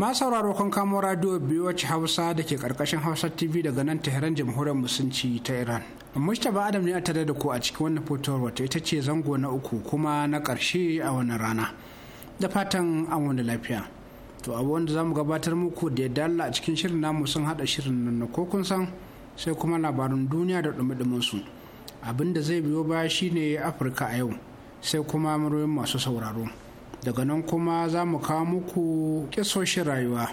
ma sauraro kan kamo radio wacce Hausa da ke karkashin Hausa TV daga nan Tehran Jamhuriyar Musulunci ta Iran. Mustapha Adam ne a tare da ku a cikin wannan fitowar wata ita ce zango na uku kuma na karshe a wannan rana. Da fatan an wani lafiya. To abu da za mu gabatar muku da yadda Allah a cikin shirin namu sun haɗa shirin nan na ko kun san sai kuma labarin duniya da ɗumi su. Abin da zai biyo baya shine Afirka a yau sai kuma muryoyin masu sauraro. daga nan kuma za mu kawo muku kisoshin rayuwa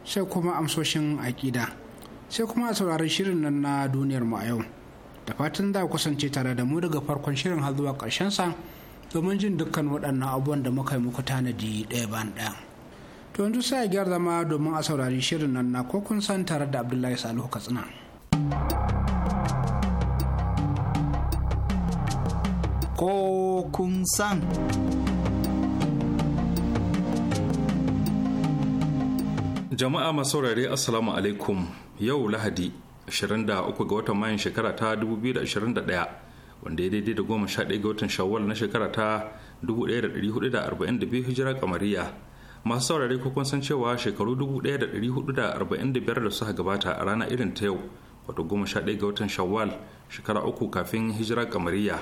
sai kuma amsoshin aƙida sai kuma a saurarin shirin nan na duniyar mu a yau da fatan za kusance tare da mu daga farkon shirin har zuwa sa domin jin dukkan waɗannan abubuwan da muka yi muku tanadi ɗaya bayan ɗaya to yanzu sai a gyar zama domin a saurari shirin nan na ko kun san tare da abdullahi salihu katsina ko kun san jama'a masu assalamu alaikum yau lahadi 23 ga watan mayan shekara ta 2021 wanda ya daidai da goma sha ɗaya ga watan shawwal na shekara ta 1442 hijira kamariya masu saurare ko san cewa shekaru 1445 da suka gabata a rana irin ta yau wato goma sha ɗaya ga watan shawwal shekara uku kafin hijira kamariya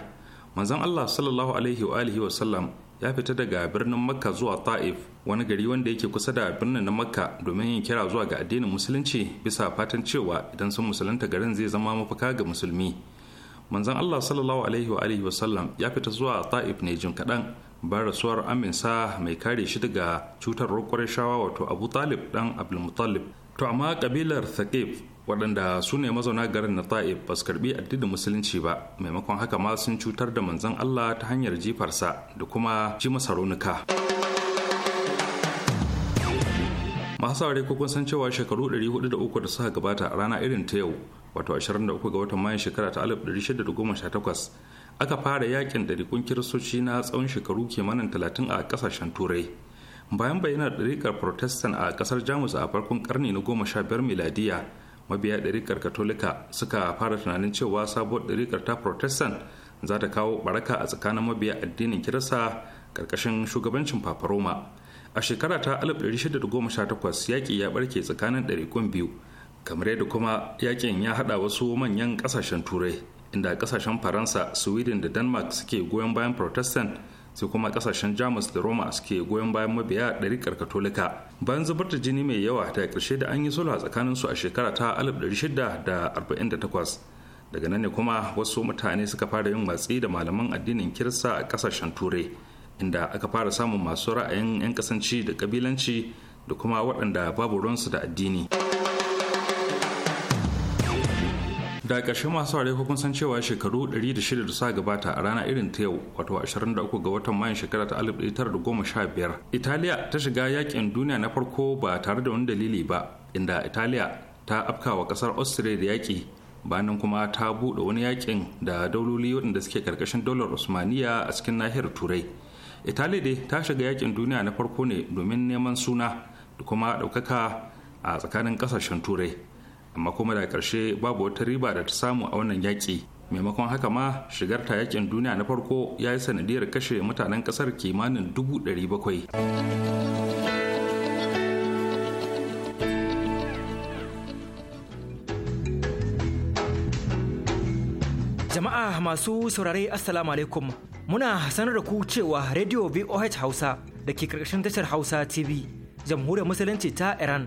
manzan allah sallallahu alaihi wa alihi wa sallam ya fita daga birnin makka zuwa ta'if wani gari wanda yake kusa da birnin na makka domin yin kira zuwa ga addinin musulunci bisa fatan cewa idan sun musulunta garin zai zama mafaka ga musulmi manzon allah sallallahu alaihi wa alihi wasallam ya fita zuwa ta'if ne jin kaɗan bayan rasuwar aminsa mai kare shi daga cutar shawa wato abu talib dan abdulmutallib to amma kabilar thaqif waɗanda su ne mazauna garin na ta'ib ba su karbi addinin musulunci ba maimakon haka ma sun cutar da manzon Allah ta hanyar jifarsa da kuma ji masa raunuka masu saurari ko kun san cewa shekaru 403 da suka gabata a rana irin ta yau wato 23 ga watan mayan shekara ta 1618 aka fara yakin ɗarikun kiristoci na tsawon shekaru kimanin 30 a ƙasashen turai bayan bayyanar ɗariƙar protestant a ƙasar jamus a farkon ƙarni na goma sha biyar miladiya mabiya ɗariƙar katolika suka fara tunanin cewa sabuwar ɗariƙar ta protestant za ta kawo ɓaraka a tsakanin mabiya addinin kirista ƙarƙashin shugabancin papa roma a shekara ta 1618 yaƙi ya ɓarke tsakanin ɗariƙun biyu kamar yadda kuma yaƙin ya haɗa wasu manyan ƙasashen turai inda ƙasashen faransa sweden da denmark suke goyon bayan protestant sai kuma kasashen jamus da roma suke goyon bayan mabiya ɗarikar katolika bayan zubar da jini mai yawa ta ƙarshe da an yi sulhu tsakanin su a shekara ta da arba'in 1648 daga nan ne kuma wasu mutane suka fara yin watsi da malaman addinin kirista a kasashen turai inda aka fara samun masu ra'ayin 'yan kasanci da kabilanci da kuma waɗanda babu ruwansu da addini. da ƙarshe masu ware kun cewa shekaru 106 da sa gabata a rana irin ta yau wato 23 ga watan mayan shekara ta 1915 italiya ta shiga yakin duniya na farko ba tare da wani dalili ba inda italiya ta afkawa kasar austria da yaƙi bayan kuma ta buɗe wani yakin da dauloli waɗanda suke karkashin dolar usmaniya a cikin nahiyar turai italiya dai ta shiga yakin duniya na farko ne domin neman suna da kuma ɗaukaka a tsakanin ƙasashen turai amma kuma da ƙarshe babu wata riba da ta samu a wannan yaƙi maimakon haka ma shigar ta yakin duniya na farko ya yi sanadiyar kashe mutanen ƙasar kimanin dubu ɗari bakwai jama'a masu saurare assalamu alaikum muna sanar da ku cewa radio voh hausa da ke karkashin tashar hausa tv jamhuriyar musulunci ta iran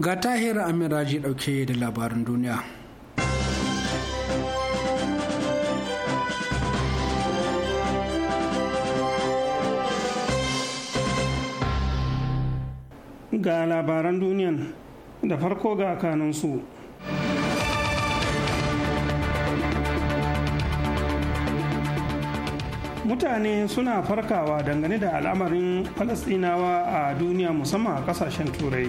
ga tahir amiraji dauke da labarin duniya ga labaran duniyan da farko ga kanunsu mutane suna farkawa dangane da al'amarin falasdinawa a duniya musamman a kasashen turai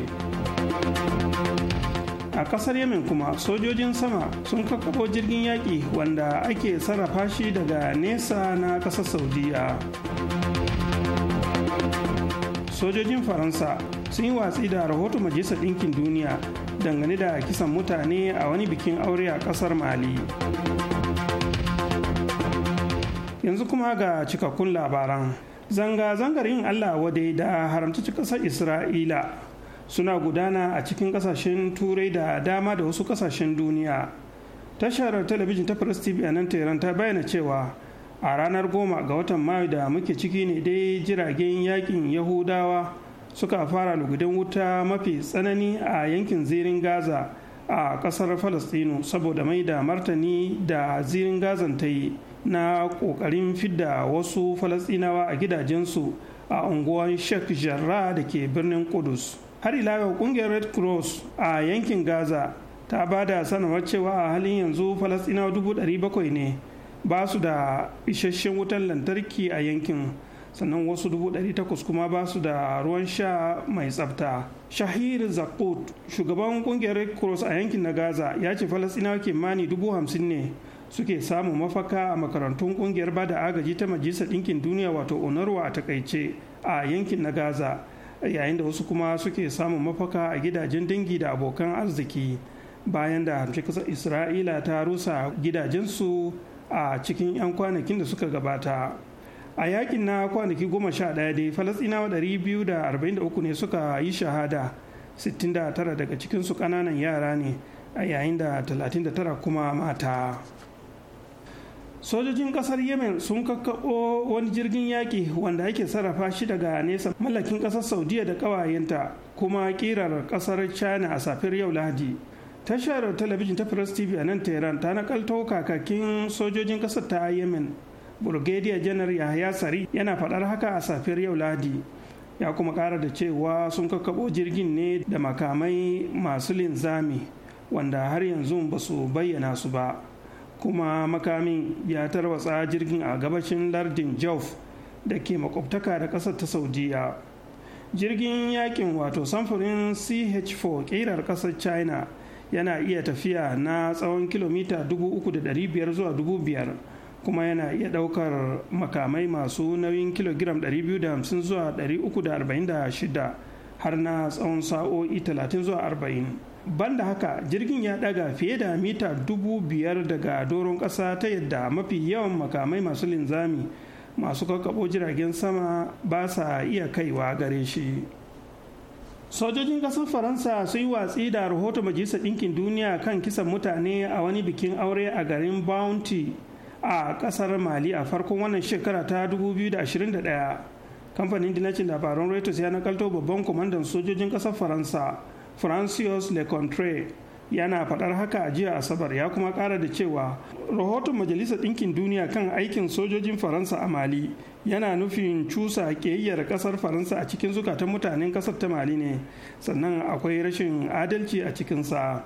a kasar yemen kuma sojojin sama sun kakkaɓo jirgin yaƙi wanda ake sarrafa shi daga nesa na ƙasar saudiya sojojin faransa sun yi watsi da rahoto majalisar ɗinkin duniya dangane da kisan mutane a wani bikin aure a ƙasar mali yanzu kuma ga cikakkun labaran zanga-zangar yin allah wadai da haramta ƙasar isra'ila suna gudana a cikin kasashen turai da dama da wasu kasashen duniya tashar talabijin ta press tv a nan teran ta bayyana cewa a ranar goma ga watan mayu da muke ciki ne dai jiragen yakin yahudawa suka fara nugudan wuta mafi tsanani a yankin zirin gaza a kasar falastinu saboda mai da martani da zirin gazan ta yi na kokarin fidda wasu falastinawa a gidajensu a unguwar sheikh Jarra da ke birnin kudus har ila yau kungiyar red cross a yankin gaza ta ba da sanarwar cewa a halin yanzu falasɗinawa 700 ne ba su da isasshen wutan lantarki a yankin sannan wasu 800 kuma ba su da ruwan sha mai tsabta shahir zakut shugaban kungiyar red cross a yankin na gaza ya ce falasɗinawa kimani dubu hamsin ne suke samun mafaka a makarantun kungiyar bada agaji ta majalisar ɗinkin duniya wato onarwa a takaice a yankin na gaza yayin da wasu kuma suke samun mafaka a gidajen dangi da abokan arziki bayan da hamshe kasar isra'ila ta rusa gidajensu a cikin 'yan kwanakin da suka gabata a yakin na kwanaki goma sha ɗaya dai falasɗinawa 243 ne suka yi shahada tara daga cikinsu ƙananan yara ne a yayin da 39 kuma mata sojojin kasar yemen sun kakkaɓo wani jirgin yaƙi wanda ake sarrafa shi daga nesa mallakin kasar saudiya da ƙawayenta kuma ƙirar ƙasar china a safiyar yau lahadi tashar talabijin ta press tv a nan tehran ta nakalto kakakin sojojin ƙasar ta yemen burgediya janar yahaya sari yana faɗar haka a safiyar yau lahadi ya kuma ƙara da cewa sun kakkaɓo jirgin ne da makamai masu linzami wanda har yanzu ba su bayyana su ba kuma makamin ya tarwatsa jirgin a gabashin lardin jauf da ke makwabtaka da ƙasar ta saudiya jirgin yakin wato samfurin ch4 ƙirar ƙasar china yana iya tafiya na tsawon kilomita 3,500 zuwa 5,000 kuma yana iya ɗaukar makamai masu nauyin kilogiram 250 zuwa 346 har na tsawon sa'o'i 30 zuwa 40 banda haka jirgin ya daga fiye da mita dubu biyar daga doron kasa ta yadda mafi yawan makamai masu linzami masu kakabo jiragen sama ba sa iya kaiwa gare shi sojojin kasar faransa sun yi watsi da rahoton majalisar ɗinkin duniya kan kisan mutane a wani bikin aure a garin bounty a kasar mali a farkon wannan shekara ta 2021 kamfanin dinacin labaran reuters ya nakalto babban kwamandan sojojin kasar faransa Francois Lecontre yana faɗar haka a jiya asabar ya kuma ƙara da cewa rahoton majalisar ɗinkin duniya kan aikin sojojin faransa a mali yana nufin cusa ƙiyayyar ƙasar faransa a cikin zukatan mutanen ƙasar ta mali ne sannan akwai rashin adalci a cikinsa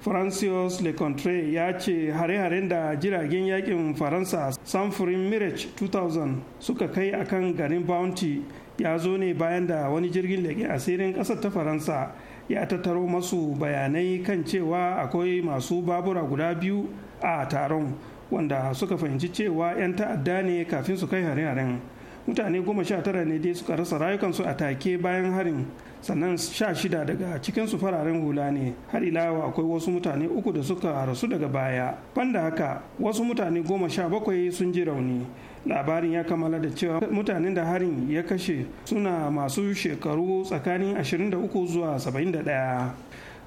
francois lecontre ya ce hare-haren da jiragen yakin faransa samfurin mirage 2000 suka kai akan garin bounty ya zo ne bayan da wani jirgin leƙe asirin ƙasar ta faransa ya tattaro masu bayanai kan cewa akwai masu babura guda biyu a taron wanda suka fahimci cewa 'yan ta'adda ne kafin su kai hare-haren mutane goma sha tara ne dai suka rasa rayukansu a take bayan harin sannan sha shida daga cikin su fararen hula ne har ilawa akwai wasu mutane uku da suka rasu daga baya banda haka wasu mutane goma sha bakwai sun ji rauni labarin ya kammala da cewa mutanen da harin ya kashe suna masu shekaru tsakanin 23 zuwa 71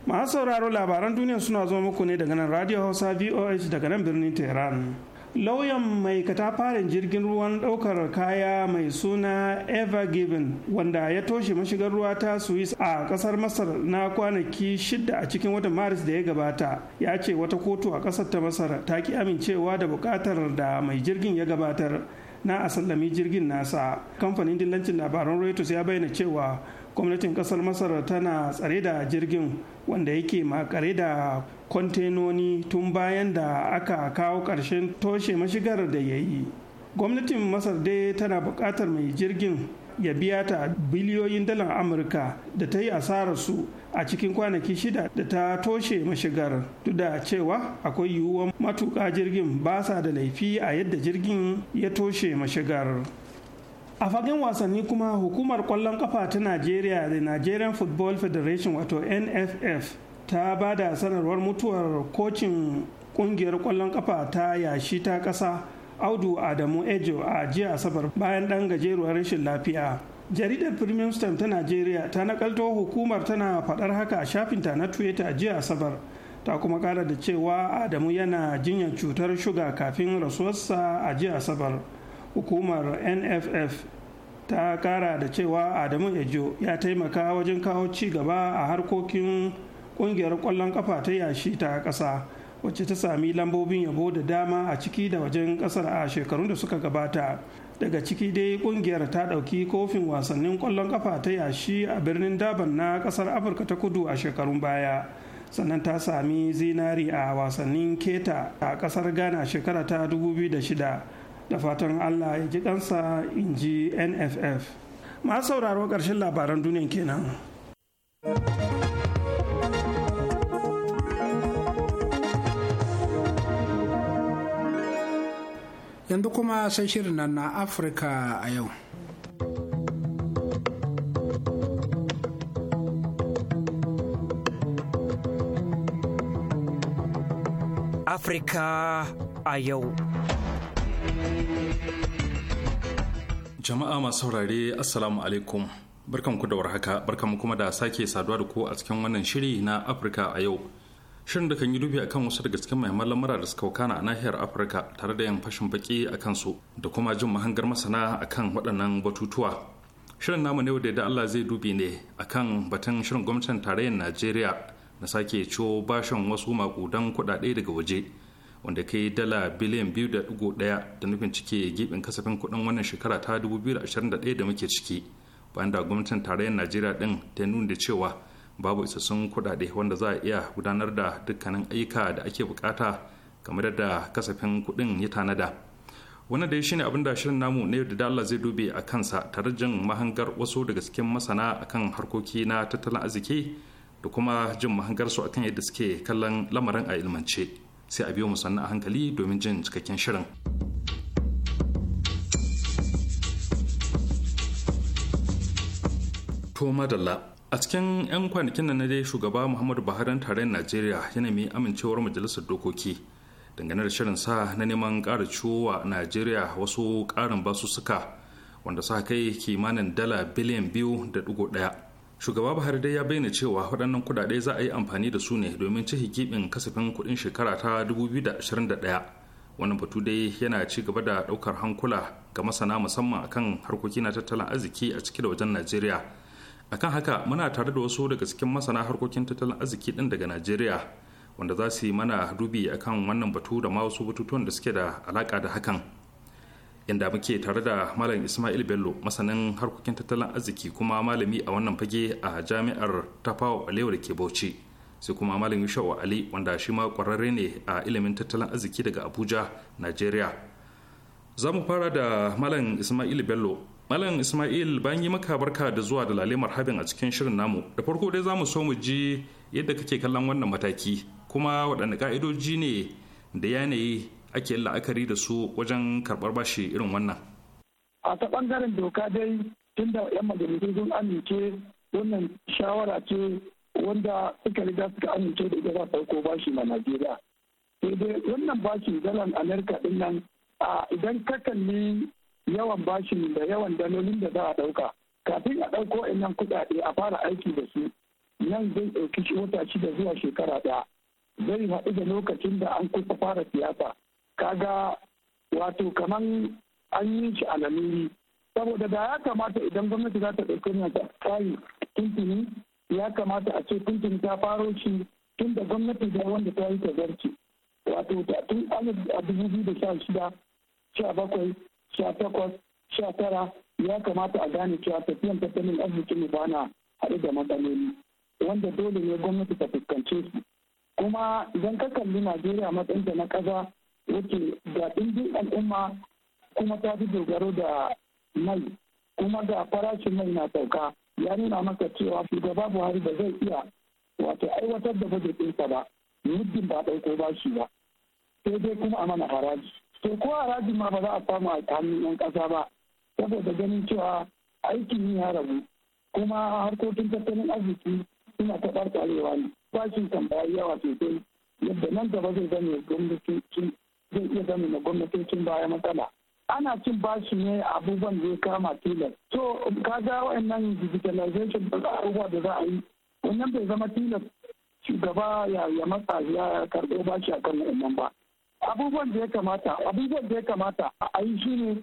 masu sauraro labaran duniya suna zuwa muku ne daga nan radio hausa voh daga nan birnin tehran lauyan mai katafarin jirgin ruwan ɗaukar kaya mai suna ever given wanda ya toshe mashigar ruwa ta swiss a ƙasar masar na kwanaki shida a cikin watan maris da ya gabata ya ce wata kotu a ƙasar ta masar ta ki amincewa da bukatar da mai jirgin ya gabatar na a sallami jirgin nasa kamfanin dillancin labaran reuters ya bayyana cewa gwamnatin ƙasar masar tana tsare da jirgin wanda yake makare da kwantenoni tun bayan da aka kawo ƙarshen toshe mashigar da ya yi gwamnatin masar dai tana buƙatar mai jirgin ya biya ta biliyoyin dalar amurka da ta yi asararsu a cikin kwanaki shida da ta toshe mashigar duk da cewa akwai yiwuwar matuƙa jirgin ba sa da laifi a yadda jirgin ya toshe mashigar a fagen wasanni kuma hukumar ƙwallon kafa ta najeriya da nigerian football federation wato nff ta ba da sanarwar mutuwar kocin kungiyar kwallon kafa ta yashi ta ƙasa audu adamu ejo a jiya asabar bayan ɗan gajeruwar rashin lafiya jaridar premium stamp ta najeriya ta nakalto hukumar tana faɗar haka a shafinta na twitter jiya asabar ta kuma ƙara da cewa adamu yana jinyar cutar shuga kafin rasuwarsa a jiya asabar hukumar nff ta ƙara da cewa adamu ejo ya taimaka wajen kawo ci gaba a harkokin ƙungiyar kwallon kafa ta yashi ta ƙasa wacce ta sami lambobin yabo da dama a ciki da wajen ƙasar a shekarun da suka gabata daga ciki dai ƙungiyar ta ɗauki kofin wasannin ƙwallon kafa ta yashi a birnin daban na ƙasar afirka ta kudu a shekarun baya sannan ta sami zinari a wasannin keta a ƙasar ghana shekara ta 2006 da fatan Allah ya ji kansa in ji NFF. Masu sauraro ƙarshen labaran duniya kenan. yanzu kuma sai shirin nan na afirka a yau afirka a yau jama'a masu saurare assalamu alaikum barkanku da warhaka barkanku kuma da sake saduwa da ku a cikin wannan shiri na afirka a yau shirin da kan yi dubi akan wasu daga cikin mahimman lamura da suka wakana a nahiyar afirka tare da yan fashin baki a kansu da kuma jin mahangar masana akan waɗannan batutuwa shirin namu ne da Allah zai dubi ne akan batun shirin gwamnatin tarayyar najeriya na sake ciwo bashin wasu makudan kuɗaɗe daga waje wanda kai dala biliyan biyu da ɗigo ɗaya da nufin cike gibin kasafin kuɗin wannan shekara ta dubu ɗaya da muke ciki bayan da gwamnatin tarayyar najeriya ɗin ta nuna da cewa babu isassun kuɗaɗe wanda za a iya gudanar da dukkanin ayyuka da ake bukata game da kasafin kuɗin ya tanada wannan dai shine abin da shirin namu na yau da Allah zai dube a kansa tare jin mahangar wasu daga cikin masana akan harkoki na tattalin arziki da kuma jin mahangar su akan yadda suke kallon lamarin a ilmance sai a biyo mu sannan a hankali domin jin cikakken shirin. To madalla a cikin 'yan kwanakin nan dai shugaba muhammadu buhari tarayyar najeriya yana mai amincewar majalisar dokoki dangane da shirin sa na neman ƙara ciwowa najeriya wasu ƙarin basussuka wanda sa kai kimanin dala biliyan biyu da digo ɗaya shugaba buhari dai ya bayyana cewa waɗannan kuɗaɗe za a yi amfani da su ne domin ci gibin kasafin kuɗin shekara ta da ɗaya wannan batu dai yana ci gaba da ɗaukar hankula ga masana musamman akan harkoki na tattalin arziki a ciki da wajen najeriya akan haka muna tare da wasu daga cikin masana harkokin tattalin arziki din daga najeriya wanda za su yi mana dubi akan wannan batu da ma wasu batutuwan da suke da alaka da hakan inda muke tare da malam ismail bello masanin harkokin tattalin arziki kuma malami a wannan fage a jami'ar tafawa alewa da ke bauchi sai kuma malam yushawa ali wanda shi ma kwararre ne a ilimin tattalin arziki daga abuja nigeria za mu fara da malam ismail bello Malam Ismail bayan yi maka barka da zuwa da lalemar habin a cikin shirin namu da farko dai za mu so mu ji yadda kake kallon wannan mataki kuma waɗanne ka'idoji ne da yanayi ake la'akari da su wajen karɓar bashi irin wannan. A ta ɓangaren doka dai tun da 'yan majalisun sun amince wannan shawara ce wanda suka riga suka amince da ita za farko bashi na Najeriya. Sai dai wannan bashi dalan Amerika din nan idan ka kalli yawan bashin da yawan dalolin da za a ɗauka kafin a ɗauko nan kuɗaɗe a fara aiki da su nan zai ɗauki wata shida zuwa shekara ɗaya zai haɗu da lokacin da an kusa fara siyasa kaga wato kaman an yi shi a laluri saboda da ya kamata idan gwamnati za ta ɗauki na tsari tuntuni ya kamata a ce tuntuni ta faro shi tun da gwamnati da wanda ta yi tazarci wato tun alif a dubu da sha shida sha bakwai sha takwas sha tara ya kamata a gane cewa tafiyan tattalin arzikin mu bana haɗu da matsaloli wanda dole ne gwamnati ta fuskance su kuma idan ka kalli najeriya da na ƙasa wuce ga ɗimbin al'umma kuma ta fi dogaro da mai kuma ga farashin mai na sauka ya nuna maka cewa shugaba buhari ba zai iya wato aiwatar da bajetinsa ba muddin ba ɗauko ba shi ba sai dai kuma a mana haraji to ko rajin ma ba za a samu a hannun yan ƙasa ba saboda ganin cewa aikin ya rabu kuma harkokin tattalin arziki suna ta ɓarɓarewa ne bashin kan yawa sosai yadda nan gaba zai zame gwamnatocin zai iya zama na gwamnatocin baya matsala ana cin bashi ne abubuwan da ya kama tilas ka ga wa'annan digitalization da abubuwa da za a yi wannan bai zama tilas shugaba ya matsa ya karɓo bashi akan wa'annan ba abubuwan da ya kamata abubuwan da ya kamata a yi shi ne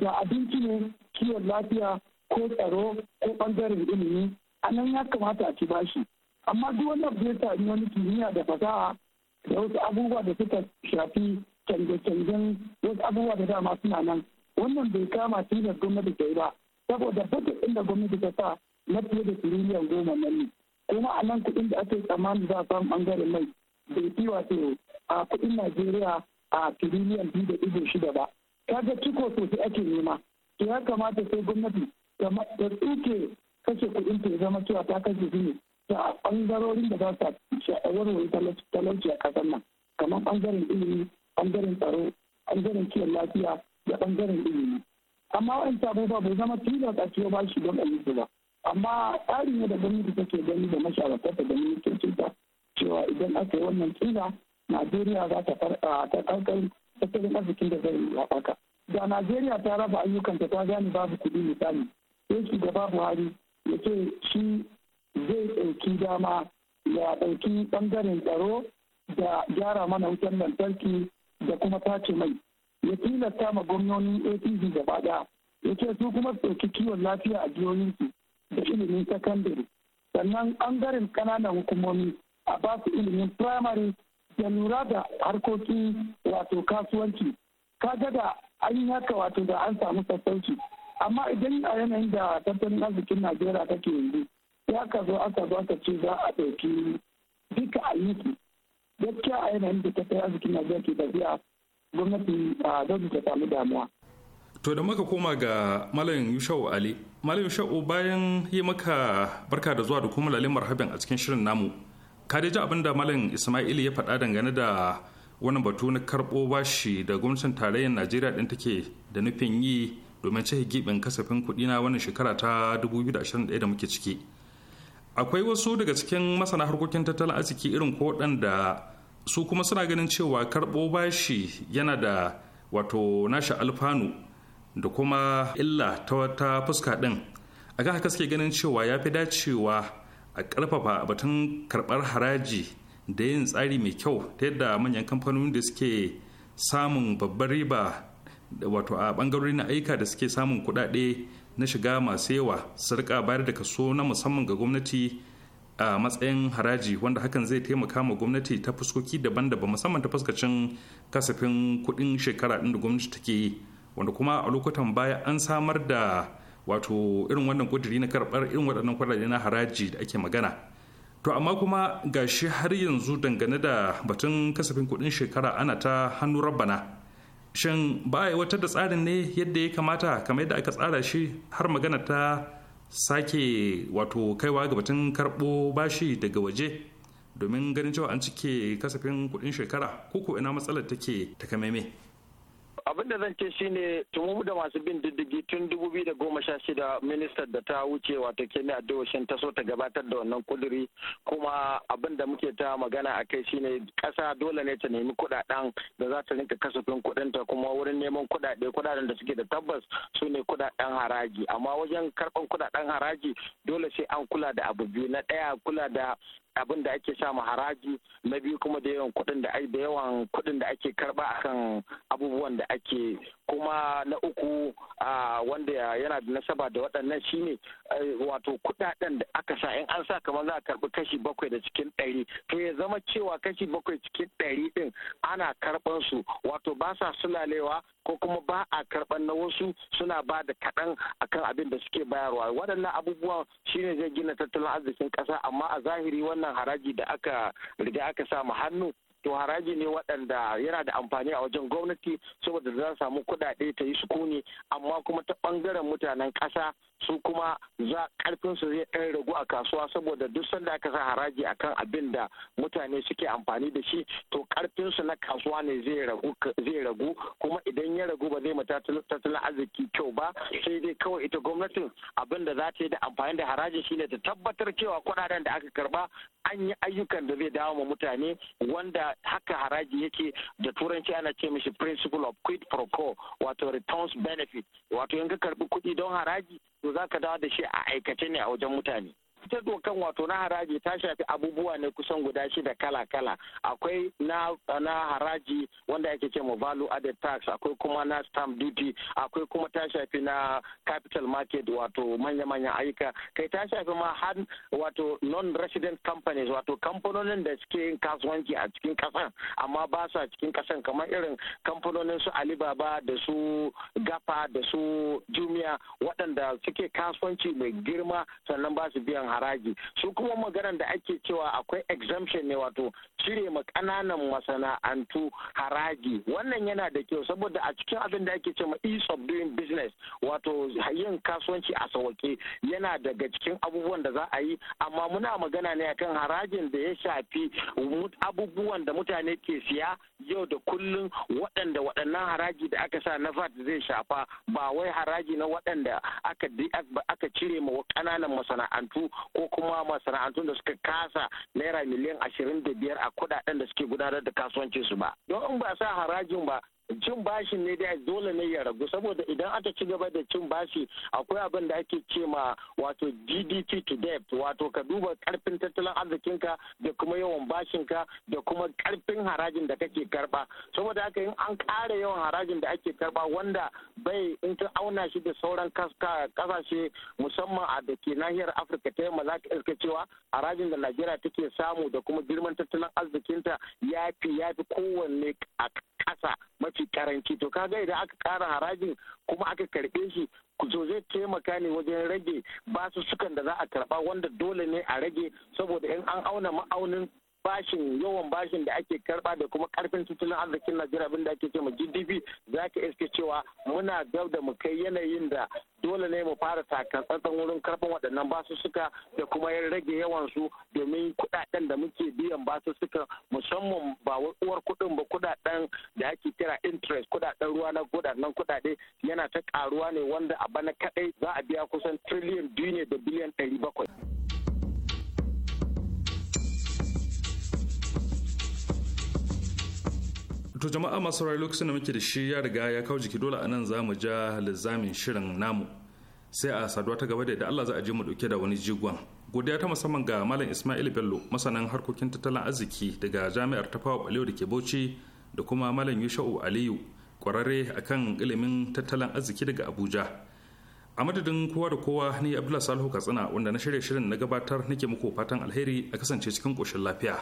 da abinci ne kiwon lafiya ko tsaro ko bangaren ilimi a nan ya kamata a ci bashi amma duk wanda abu ya sami wani kimiyya da fasaha da wasu abubuwa da suka shafi canje-canjen wasu abubuwa da dama suna nan wannan bai kama tilar gwamnati ta yi ba saboda duk inda gwamnati ta sa na fiye da tiriliyan goma nan ne kuma a nan kuɗin da ake tsammanin za a samu bangaren mai bai fi wato a kuɗin Najeriya a tiriliyan biyu da ɗigo shida ba. ta ga ciko sosai ake nema. To ya kamata sai gwamnati ta tsuke kashe kuɗin ta ya zama cewa ta kashe su ne ta ɓangarorin da za a warware talauci a ƙasar nan kamar ɓangaren ilimi ɓangaren tsaro ɓangaren kiwon lafiya da ɓangaren ilimi. Amma wa'ancan abubuwa bai zama tilas a ciwo bashi don a su ba. Amma tsarin ne da gwamnati take gani da ta da ta cewa idan aka yi wannan tsira najeriya za ta farka tattalin arzikin da zai yi haɓaka da najeriya ta raba ayyukanta ta gane babu kuɗi misali sai babu hari ya ce shi zai ɗauki dama ya ɗauki ɓangaren tsaro da gyara mana wutar lantarki da kuma tace mai ya tilasta ma gwamnonin apc gaba ɗaya ya ce su kuma su ɗauki kiwon lafiya a jihohinsu da ilimin sakandare sannan ɓangaren ƙananan hukumomi a basu ilimin firamare da lura da harkokin wato kasuwanci ga da an yi wato da an samu sassauci amma idan a yanayin da tattalin arzikin najeriya take yanzu ya ka zo aka zo aka ce za a ɗauki duka ayyuki gaskiya a yanayin da tattalin arzikin najeriya ke tafiya gwamnati zai ta samu damuwa to da muka koma ga malam yushau ali malam yushau bayan yi maka barka da zuwa da kuma lalimar habin a cikin shirin namu ka ji abin da malam ismail ya faɗa dangane da wani batu na karɓo bashi da gwamnatin tarayyar najeriya ɗin take da nufin yi domin cike gibin kasafin kuɗi na wannan shekara ta 2021 da muke ciki akwai wasu daga cikin masana harkokin tattalin arziki irin ko waɗanda su kuma suna ganin cewa karɓo bashi yana da wato nashi alfanu da kuma illa ta wata fuska ɗin a haka suke ganin cewa ya fi dacewa a karfafa batun karɓar haraji da yin tsari mai kyau ta yadda manyan kamfanonin da suke samun babbar riba wato a na aika da suke samun kuɗaɗe na shiga masu yawa su rika bayar da kaso na musamman ga gwamnati a matsayin haraji wanda hakan zai taimaka ma gwamnati ta fuskoki daban-daban musamman ta fuskacin kasafin kudin shekara ɗin da gwamnati take yi wanda kuma a lokutan baya an samar da wato irin wannan kuduri na karɓar irin waɗannan kwararre na haraji da ake magana to amma kuma ga shi har yanzu dangane da batun kasafin kuɗin shekara ana ta hannu rabana shin ba a wata da tsarin ne yadda ya kamata kamar yadda aka tsara shi har magana ta sake wato kaiwa ga batun karɓo bashi daga waje domin ganin cewa an cike kasafin kuɗin shekara ko ina matsalar take takamaimai abin da zan ce shine tumu da masu bin diddigi tun da goma sha shida ministar da ta wuce wato kemi adoshin ta so ta gabatar da wannan kuduri kuma abin da muke ta magana a kai shine kasa dole ne ta nemi kudaden da za ta rinka kasafin kudinta kuma wurin neman kudade kudaden da suke da tabbas su ne kudaden haraji amma wajen karban kudaden haraji dole sai an kula da abu biyu na daya kula da abin da ake samu haraji na biyu kuma da yawan kuɗin da yawan da ake karba akan abubuwan da ake kuma na uku wanda yana da nasaba da waɗannan shine wato kuɗaɗen da aka sa in an sa kamar za a karɓi kashi bakwai da cikin ɗari to ya zama cewa kashi bakwai cikin ɗari ɗin ana karɓan su wato ba sa sulalewa ko kuma ba a karɓan na wasu suna ba da kaɗan akan abin da suke bayarwa waɗannan abubuwan shine zai gina tattalin arzikin ƙasa amma a zahiri wannan haraji da aka riga aka sa hannu to haraji ne waɗanda yana da amfani a wajen gwamnati saboda za samu kuɗaɗe ta yi sukuni amma kuma ta ɓangaren mutanen ƙasa su kuma za karfin su zai ɗan ragu a kasuwa saboda duk sanda aka sa haraji akan abin da mutane suke amfani da shi to karfin su na kasuwa ne zai ragu zai ragu kuma idan ya ragu ba zai mata tattalin arziki kyau ba sai dai kawai ita gwamnatin abin da za ta yi da amfani da haraji shine ta tabbatar cewa kuɗaɗen da aka karba an yi ayyukan da zai dawo ma mutane wanda haka haraji yake da turanci ana ce mishi principle of quid pro quo wato returns benefit wato in ka karbi kuɗi don haraji za ka dawo da shi a aikace ne a wajen mutane ita dokan wato na haraji ta shafi abubuwa ne kusan guda shida kala-kala akwai na, haraji wanda ake ce mu value added tax akwai kuma na stamp duty akwai kuma ta shafi na capital market wato manya-manyan ayyuka kai ta shafi ma har wato non-resident companies wato kamfanonin da suke yin kasuwanci a cikin kasan amma ba su a cikin kasan kamar irin kamfanonin su alibaba da su gafa da su jumia waɗanda suke kasuwanci mai girma sannan ba su biyan haraji su kuma maganar da ake cewa akwai exemption ne wato cire ma masana'antu haraji wannan yana da kyau saboda a cikin abin da ake cewa ease of doing business wato yin kasuwanci a sauke yana daga cikin abubuwan da za a yi amma muna magana ne akan harajin da ya shafi abubuwan da mutane ke siya yau da kullun waɗanda waɗannan haraji da aka sa na VAT zai shafa ba wai haraji na waɗanda aka aka cire ma ƙananan masana'antu ko kuma masana'antu da suka kasa naira miliyan ashirin da biyar a kudaden da suke gudanar da kasuwancinsu ba don in ba sa harajin ba cin bashi ne dai dole ne ya ragu saboda idan aka ci gaba da cin bashi akwai abin da ake ce ma wato GDP to debt wato ka duba karfin tattalin arzikinka da kuma yawan bashinka da kuma karfin harajin da kake karba saboda haka in an ƙara yawan harajin da ake karba wanda bai in ta auna shi da sauran kasashe musamman a da ke nahiyar Afirka ta yamma za ka iska cewa harajin da Najeriya take samu da kuma girman tattalin arzikinta ya fi ya fi kowanne a ƙasa ci karanci to kaga idan aka kara harajin kuma aka karbe shi so zai taimaka ne wajen rage basu sukan da za a karba wanda dole ne a rage saboda in an auna ma'aunin bashin yawan bashin da ake karba da kuma karfin tattalin arzikin Najeriya abinda ake cewa GDP za ka iske cewa muna gab da mu kai yanayin da dole ne mu fara takatsantsan wurin karfin waɗannan basussuka da kuma ya rage yawan su domin kuɗaɗen da muke biyan basussuka musamman ba uwar kuɗin ba kuɗaɗen da ake kira interest kuɗaɗen ruwa na kuɗaɗen kuɗaɗe yana ta ƙaruwa ne wanda a bana kaɗai za a biya kusan trillion biyu ne da biliyan ɗari bakwai. to jama'a masu saurari lokacin da muke da shi ya riga ya kawo jiki dole a nan za mu ja lizamin shirin namu sai a saduwa ta gaba da yadda Allah za a je mu dauke da wani jigon godiya ta musamman ga malam Ismail Bello masanan harkokin tattalin arziki daga jami'ar Tafawa Balewa da ke Bauchi da kuma malam Yusha'u Aliyu kwararre akan ilimin tattalin arziki daga Abuja a madadin kowa da kowa ni Abdullahi Salihu Katsina wanda na shirya shirin na gabatar nake muku fatan alheri a kasance cikin koshin lafiya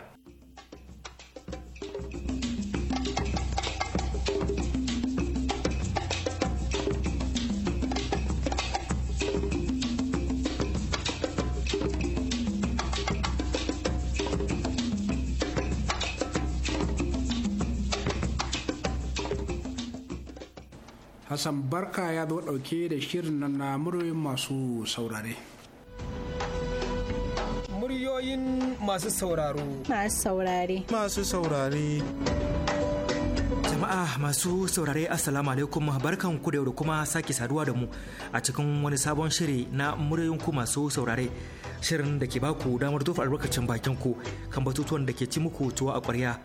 Hassan Barka ya zo ɗauke da shirin nan na muryoyin masu saurare. Muryoyin masu sauraro. Masu saurare. Masu saurare. Jama'a masu saurare Assalamu alaikum barkan ku da yau da kuma sake saduwa da mu a cikin wani sabon shiri na muryoyin ku masu saurare. Shirin da ke baku damar tofa albarkacin bakin ku kan batutuwan da ke ci muku tuwa a ƙwarya.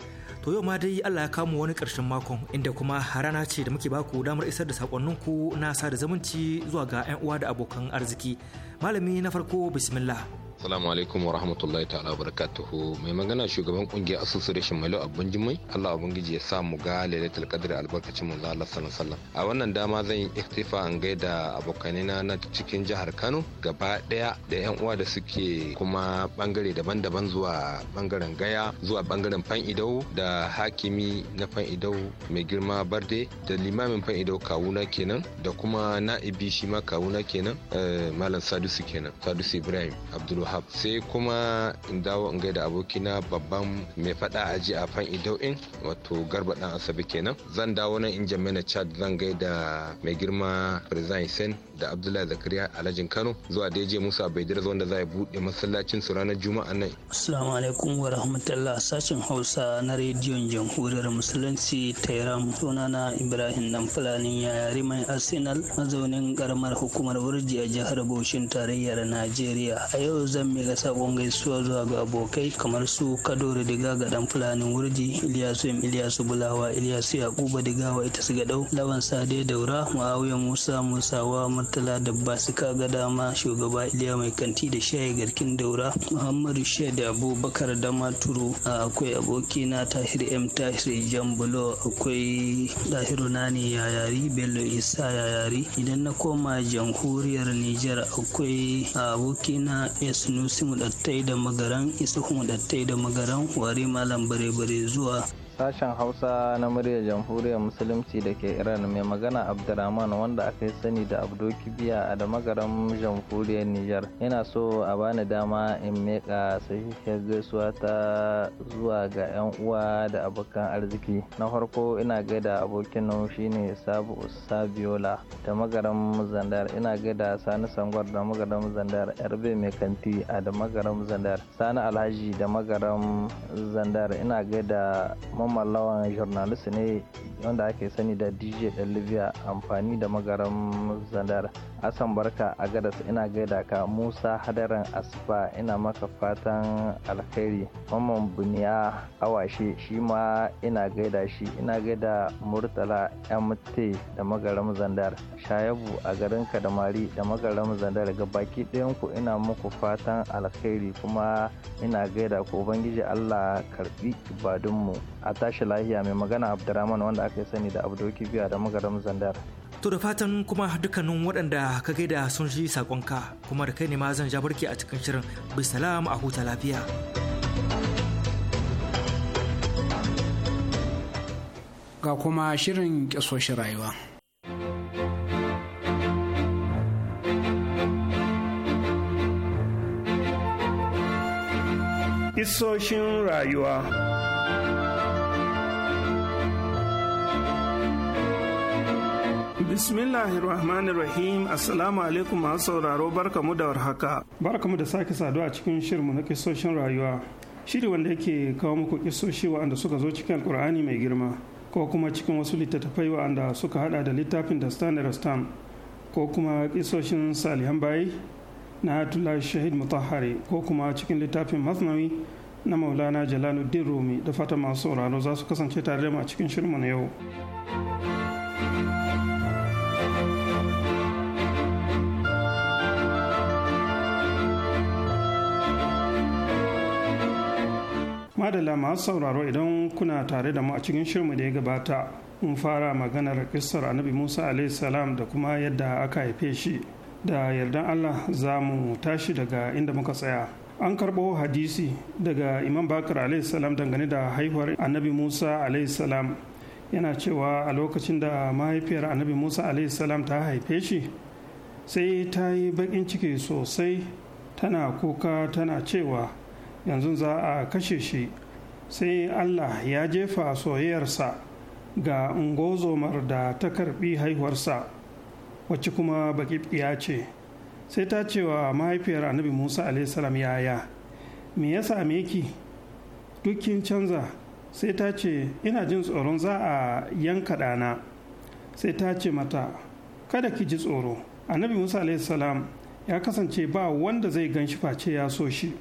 To yau ma dai Allah ya kamo wani ƙarshen makon inda kuma rana ce da muke baku damar isar da ku na sada zumunci zuwa ga 'yan uwa da abokan arziki. Malami na farko bismillah. Assalamu alaikum wa rahmatullahi ta'ala barakatuhu. Mai magana shugaban kungiyar Association Malo Abun Jimai. Allah ubangiji ya sa mu ga lailatul qadr albarkacin manzo Allah sallallahu alaihi A wannan dama zan yi iktifa an gaida abokanina na cikin jihar Kano gaba daya da yan uwa da suke kuma bangare daban-daban zuwa bangaren Gaya zuwa bangaren Fan Idau da hakimi na Fan Idau mai girma Barde da limamin Fan Idau kawuna kenan da kuma na'ibi shi ma kawuna kenan eh, Malam sadusu kenan Sadusu Ibrahim Abdul Wahab sai kuma in dawo in gaida abokina babban mai fada ji a fan idau'in wato garba dan asabi kenan zan dawo nan in jami'a na chad zan gaida mai girma rizan hussein da abdullahi zakariya alhajin kano zuwa daije musa baidir wanda za a buɗe masallacin su ranar juma'a nan assalamu alaikum wa rahmatullah sashen hausa na rediyon jamhuriyar musulunci ta iran sunana ibrahim dan fulani yari mai arsenal mazaunin karamar hukumar wurji a jihar bauchin tarayyar najeriya a yau zan mika sabon gaisuwa zuwa ga abokai kamar su kadori diga ga dan fulanin wurji iliyasu iliyasu bulawa iliyasu yakuba digawa ita su dau. lawan sade daura muawiya musa musawa Murtala Dabba ka ga dama shugaba Iliya mai kanti da shayi garkin daura Muhammadu shaidu Abubakar Damaturu akwai abokina Tahir M Tahir Jambulo akwai Tahiru Nani Yayari Bello Isa Yayari idan na koma jamhuriyar Nijar akwai abokina Esnusi Mudattai da Magaran Isuhu Mudattai da Magaran Ware Malam Bare Bare zuwa sashen hausa na muryar jamhuriyar musulunci da ke iran mai magana abdurrahman wanda aka yi sani da abdo kibiya a da jamhuriyar niger yana so a bani dama in meka sahihiyar gaisuwa ta zuwa ga yan uwa da abokan arziki na farko ina gaida abokin nan shine sabu sabiola da magaran zandar ina gaida sani sangwar da magaran zandar yarbe mai kanti a da zandar sani alhaji da magaran zandar ina gaida Muhammad Lawan journalist ne wanda ake sani da DJ ɗan Libya amfani da magaran zandar. Asan barka a gadas ina gaida ka Musa Hadaran Asfa ina maka fatan alkhairi. Mamman Buniya Awashe shi ma ina gaida shi ina gaida Murtala MT da magaran zandar. Shayabu a garin Kadamari da magaran zandar ga baki ɗayanku ina muku fatan alkhairi kuma ina gaida ku Ubangiji Allah karbi ibadunmu. a tashi lahiya mai magana abdurrahman wanda aka sani da abdoki biya da magaram zandar to da fatan kuma dukkanin waɗanda ka gaida sun shi sakonka kuma da kai ne ma zan barki a cikin shirin bisalam a huta lafiya ga kuma shirin kyasoshin rayuwa Isoshin rayuwa Bismillahirrahmanirrahim Assalamu alaikum masu sauraro barkamu da warhaka. Barkamu da sake saduwa a cikin shirmu na kisoshin rayuwa. Shiri wanda yake kawo muku kisoshi wa'anda suka zo cikin Alkur'ani mai girma ko kuma cikin wasu littattafai wa'anda suka hada da littafin da Standard Stam ko kuma kisoshin Salihan Bayi na Atullah Shahid Mutahari ko kuma cikin littafin Masnawi na Maulana Jalaluddin Rumi da fata masu sauraro za su kasance tare da mu a cikin shirmu na yau. madala masu sauraro idan kuna tare da mu a cikin shirmu da ya gabata mun fara maganar kissar annabi musa salam da kuma yadda aka haife shi da yardan allah za mu tashi daga inda muka tsaya an karɓo hadisi daga imam bakar salam dangane da haihuwar annabi musa salam yana cewa a lokacin da mahaifiyar annabi musa salam ta haife shi sai ta yi baƙin ciki sosai tana kuka tana cewa yanzu za a kashe shi sai allah ya jefa soyayyarsa ga ungozomar da ta karbi haihuwarsa wacce kuma ya ce sai ta cewa mahaifiyar annabi musa salam yaya me ya same ki dukkin canza sai ta ce ina jin tsoron za a yanka ɗana sai ta ce mata kada ki ji tsoro annabi musa salam ya kasance ba wanda zai gan shi face ya so shi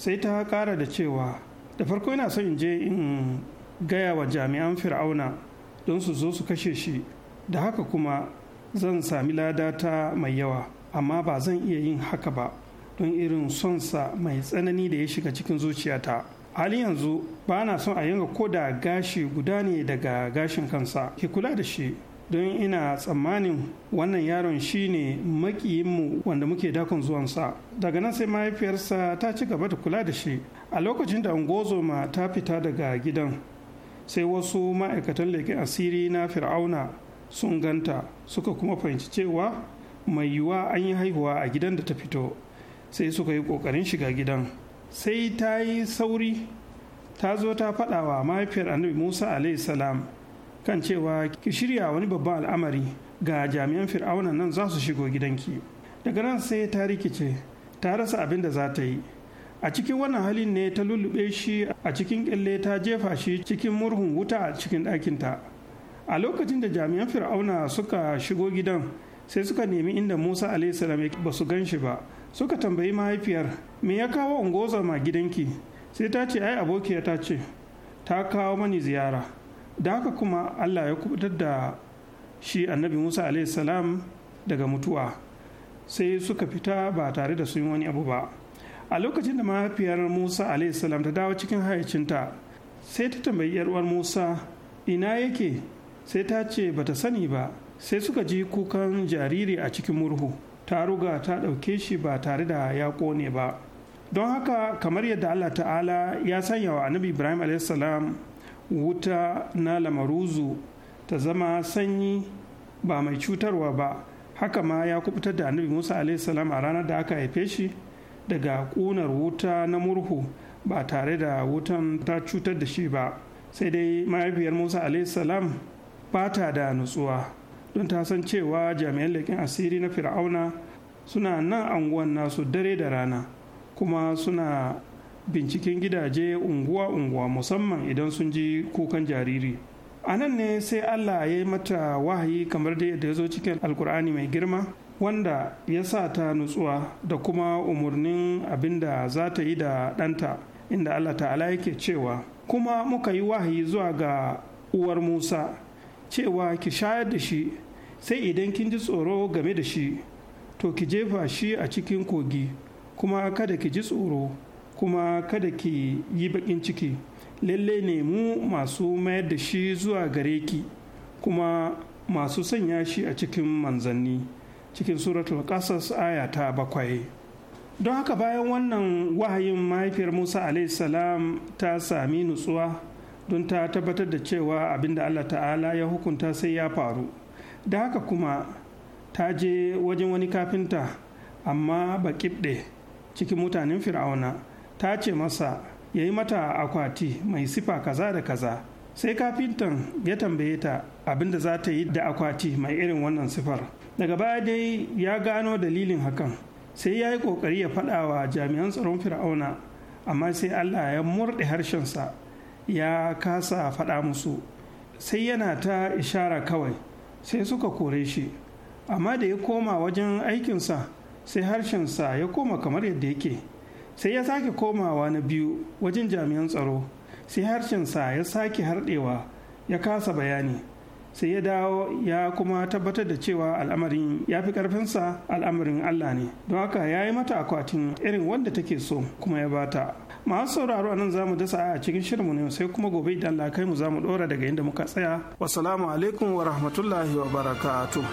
sai ta kara da cewa da farko yana son in je in gaya wa jami'an fir'auna don su zo su kashe shi da haka kuma zan sami ladata mai yawa amma ba zan iya yin haka ba don irin sonsa mai tsanani da ya shiga cikin zuciyata hali yanzu ba na son a yanga ko da gashi guda ne daga gashin kansa ki kula da shi don ina tsammanin wannan yaron shine makiyinmu wanda muke dakon zuwansa daga nan sai mahaifiyarsa ta ci gaba da kula da shi a lokacin da ungozoma ta fita daga gidan sai wasu ma'aikatan leƙen asiri na fir'auna sun ganta suka kuma fahimci cewa mai yiwuwa an yi haihuwa a gidan da ta fito sai suka yi ƙoƙarin shiga gidan sai ta yi sauri ta zo ta faɗa mahaifiyar annabi musa salam kan cewa ki shirya wani babban al'amari ga jami'an fir'auna nan za su shigo gidanki daga nan sai ta rikice ta rasa abin da za ta yi a cikin wannan halin ne ta lullube shi a cikin kyalle ta jefa shi cikin murhun wuta a cikin ɗakinta a lokacin da jami'an fir'auna suka shigo gidan sai suka nemi inda musa alaihissalam ba su gan shi ba suka tambayi mahaifiyar me ya kawo ma gidanki sai ta ce ai abokiya ta ce ta kawo mani ziyara da haka kuma allah ya kubutar da shi annabi musa salam daga mutuwa sai suka fita ba tare da sun wani abu ba a lokacin da mahaifiyar musa salam ta dawo cikin hayacinta sai ta tambayi yarwar musa ina yake sai ta ce ba ta sani ba sai suka ji kukan jariri a cikin murhu ta ruga ta ɗauke shi ba tare da ya ƙone ba don haka kamar yadda allah ta'ala ya sanya wa annabi ibrahim salam wuta na lamaruzu ta zama sanyi ba mai cutarwa ba haka ma ya kubutar da annabi musa salam a ranar da aka haife shi daga ƙunar wuta na murhu ba tare da wutan ta cutar da shi ba sai dai mahaifiyar musa salam ba ta da nutsuwa don ta san cewa jami'an leƙen asiri na fir'auna suna nan anguwan nasu dare da rana kuma suna binciken gidaje unguwa-unguwa musamman idan sun ji kukan jariri a nan ne sai allah ya yi mata wahayi kamar da ya zo cikin alkur'ani mai girma wanda ya sa ta nutsuwa da kuma umarnin abin da za ta yi da ɗanta inda allah ta'ala yake cewa kuma muka yi wahayi zuwa ga uwar musa cewa ki shayar da shi sai idan kin ji tsoro game da shi to ki jefa shi a cikin kogi kuma kada ki ji tsoro kuma kada ki yi baƙin ciki lalle ne mu masu mayar da shi zuwa gare ki kuma masu sanya shi a cikin manzanni cikin suratul qasas aya ta bakwai don haka bayan wannan wahayin mahaifiyar musa salam ta sami nutsuwa don ta tabbatar da cewa abinda allah ta'ala ya hukunta sai ya faru da haka kuma ta je wajen wani kafinta amma baƙiɗe cikin mutanen fir'auna ta ce masa ya yi mata akwati mai sifa kaza da kaza sai kafintan ya tambaye ta abinda za ta yi da akwati mai irin wannan sifar daga baya dai ya gano dalilin hakan sai ya yi kokari ya faɗa wa jami'an tsaron fir'auna amma sai allah ya murɗe harshensa ya kasa faɗa musu sai yana ta ishara kawai sai suka kore shi amma da ya koma wajen aikinsa sai harshensa ya koma kamar yadda yake sai ya sake komawa na biyu wajen jami'an tsaro sai harshensa ya sake harɗewa ya kasa bayani sai ya dawo ya kuma tabbatar da cewa al'amarin ya fi karfinsa al'amarin Allah ne don haka ya yi mata akwatin irin wanda take so kuma ya bata masu sauraro a nan zamu dasa a cikin shirinmu ne sai kuma gobe idan Allah za mu zamu dora daga inda muka tsaya wasalamu alaikum wa rahmatullahi wa barakatuh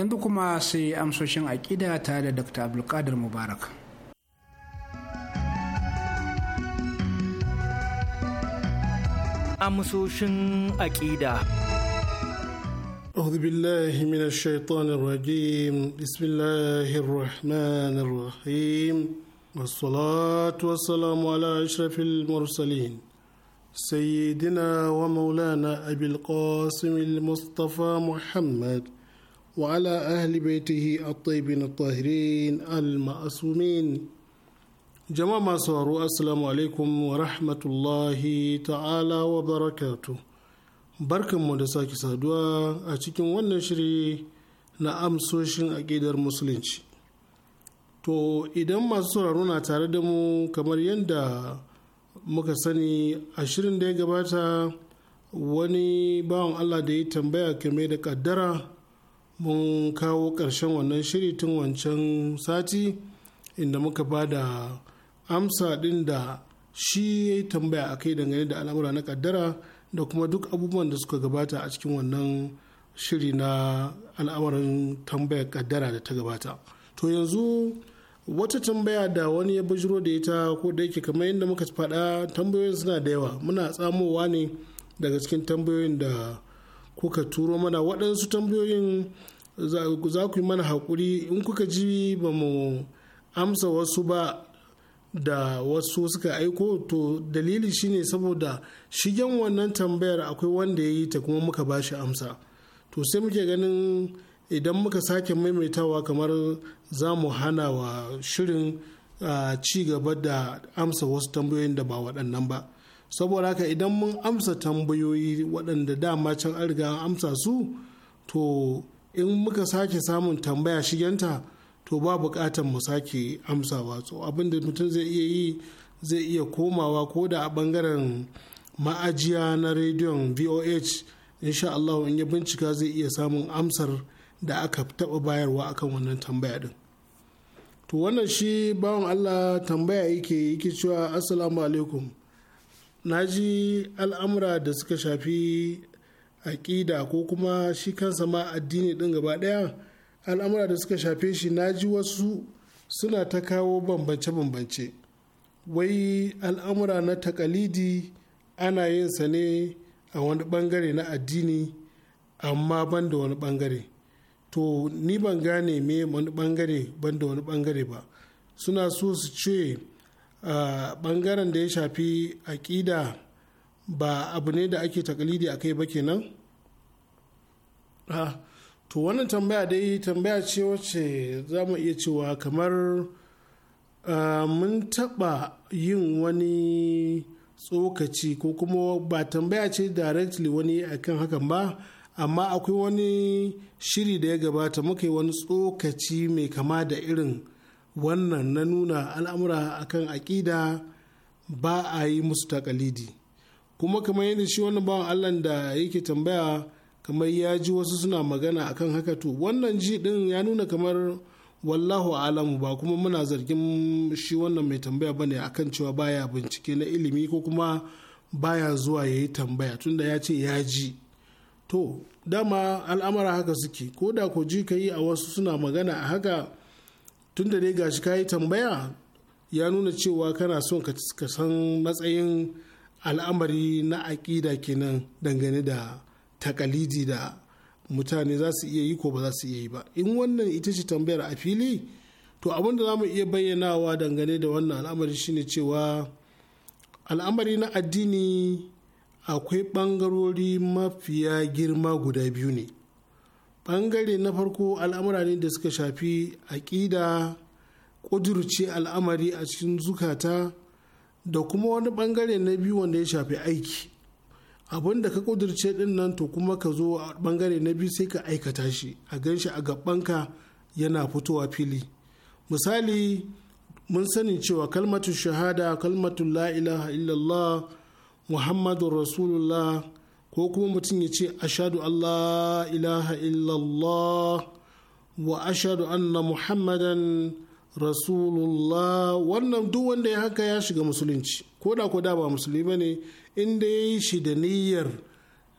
yanzu kuma sai amsoshin aƙida tare da dr abdulkadir mubarak amsoshin aƙida أعوذ بالله من الشيطان الرجيم بسم الله الرحمن الرحيم والصلاة والسلام على أشرف المرسلين سيدنا ومولانا أبي القاسم المصطفى محمد وعلى أهل بيته الطيبين الطاهرين المأسومين جماعة صاروا wa rahmatullahi ورحمة wa تعالى Barkan mu da sake saduwa a cikin wannan shiri na amsoshin a aƙidar musulunci to idan masu sauraro na tare da mu kamar yadda muka sani a shirin da ya gabata wani bawan allah da ya tambaya kame da ƙaddara. mun kawo ƙarshen wannan shiri tun wancan sati inda muka ba da amsa din da shi ya yi tambaya a kai dangane da al'amura na kaddara da kuma duk abubuwan da suka gabata a cikin wannan shiri na al'amarin tambayar kaddara da ta gabata to yanzu wata tambaya da wani ya bujiro da ita ko da yake kamar yadda muka faɗa tambayoyin suna da yawa muna tsamowa ne daga cikin tambayoyin da kuka turo mana waɗansu tambayoyin za ku yi mana haƙuri in kuka ji ba mu amsa wasu ba da wasu suka aiko to dalili shine saboda shigen wannan tambayar akwai wanda ya yi ta kuma muka ba shi amsa to sai muke ganin idan muka sake maimaitawa kamar za mu hana wa shirin ah, ci gaba da amsa wasu tambayoyin da ba waɗannan ba saboda haka idan mun amsa tambayoyi waɗanda dama can an riga amsa su to in muka sake samun tambaya shigenta to ba buƙatar mu sake amsa amsawa so abinda mutum zai iya yi zai iya komawa ko da a ɓangaren ma'ajiya na rediyon voh insha Allah in ya bincika zai iya samun amsar da aka taɓa bayarwa akan wannan tambaya din to wannan shi bawan Allah tambaya yake yake cewa assalamu alaikum na ji al'amura da suka shafi aƙida ko kuma shi kansa ma addini ɗin gaba ɗaya al'amura da suka shafe shi na ji wasu suna ta kawo bambance-bambance wai al'amura na takalidi ana yin sa ne a wani bangare na addini amma ban da wani bangare to ni ban gane me wani bangare ban da wani bangare ba suna so su ce a bangaren da ya shafi aƙida ba abu ne da ake takalidi a kai ba kenan to wannan tambaya dai tambaya ce wacce za mu iya cewa kamar mun taɓa yin wani tsokaci ko kuma ba tambaya ce directly wani akan hakan ba amma akwai wani shiri da ya gabata muka yi wani tsokaci mai kama da irin wannan na nuna al'amura akan aƙida ba a yi musu takalidi kuma kamar yadda shi wannan bawan allah da yake tambaya kamar ya ji wasu suna magana akan haka to wannan ji din ya nuna kamar wallahu alamu ba kuma muna zargin shi wannan mai tambaya bane akan cewa baya bincike na ilimi ko kuma baya zuwa ya yi tambaya tunda ya ce ya ji to dama al'amara haka suke ko da ko ji ka yi a wasu suna magana a haka tun da dai gashi ka yi tambaya ya nuna cewa kana son ka san matsayin al'amari na aƙida kenan dangane da takalidi da mutane za su iya yi ko ba za su iya yi ba in wannan ita ce tambayar a fili to abin da za mu iya bayyanawa dangane da wannan al'amari shine cewa al'amari na addini akwai ɓangarori mafiya girma guda biyu ne bangare na farko al'amura ne da suka shafi aƙida ƙudurce al'amari a cikin zukata da kuma wani bangare na biyu wanda ya shafi aiki abin da ka ƙudurce din nan to kuma ka zo a bangare na biyu sai ka aikata shi a gan shi a gabanka yana fitowa fili misali mun sani cewa kalmatu shahada kalmatu la'ilaha illallah muhammadun rasulullah ko kuma mutum ya ce ashadu Allah ilaha illallah wa ashadu anna muhammadan rasulullah wannan duk wanda ya haka ya shiga musulunci ko da da ba musulmi ba ne inda ya yi shi da niyyar